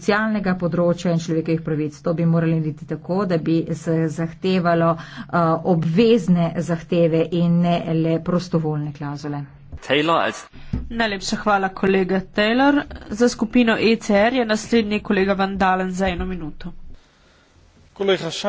socialnega področja in človekovih pravic. To bi morali narediti tako, da bi se zahtevalo uh, obvezne zahteve in ne le prostovoljne klauzule. Najlepša hvala, kolega Taylor. Za skupino ECR je naslednji kolega Vandalen za eno minuto. Kolega Šaf.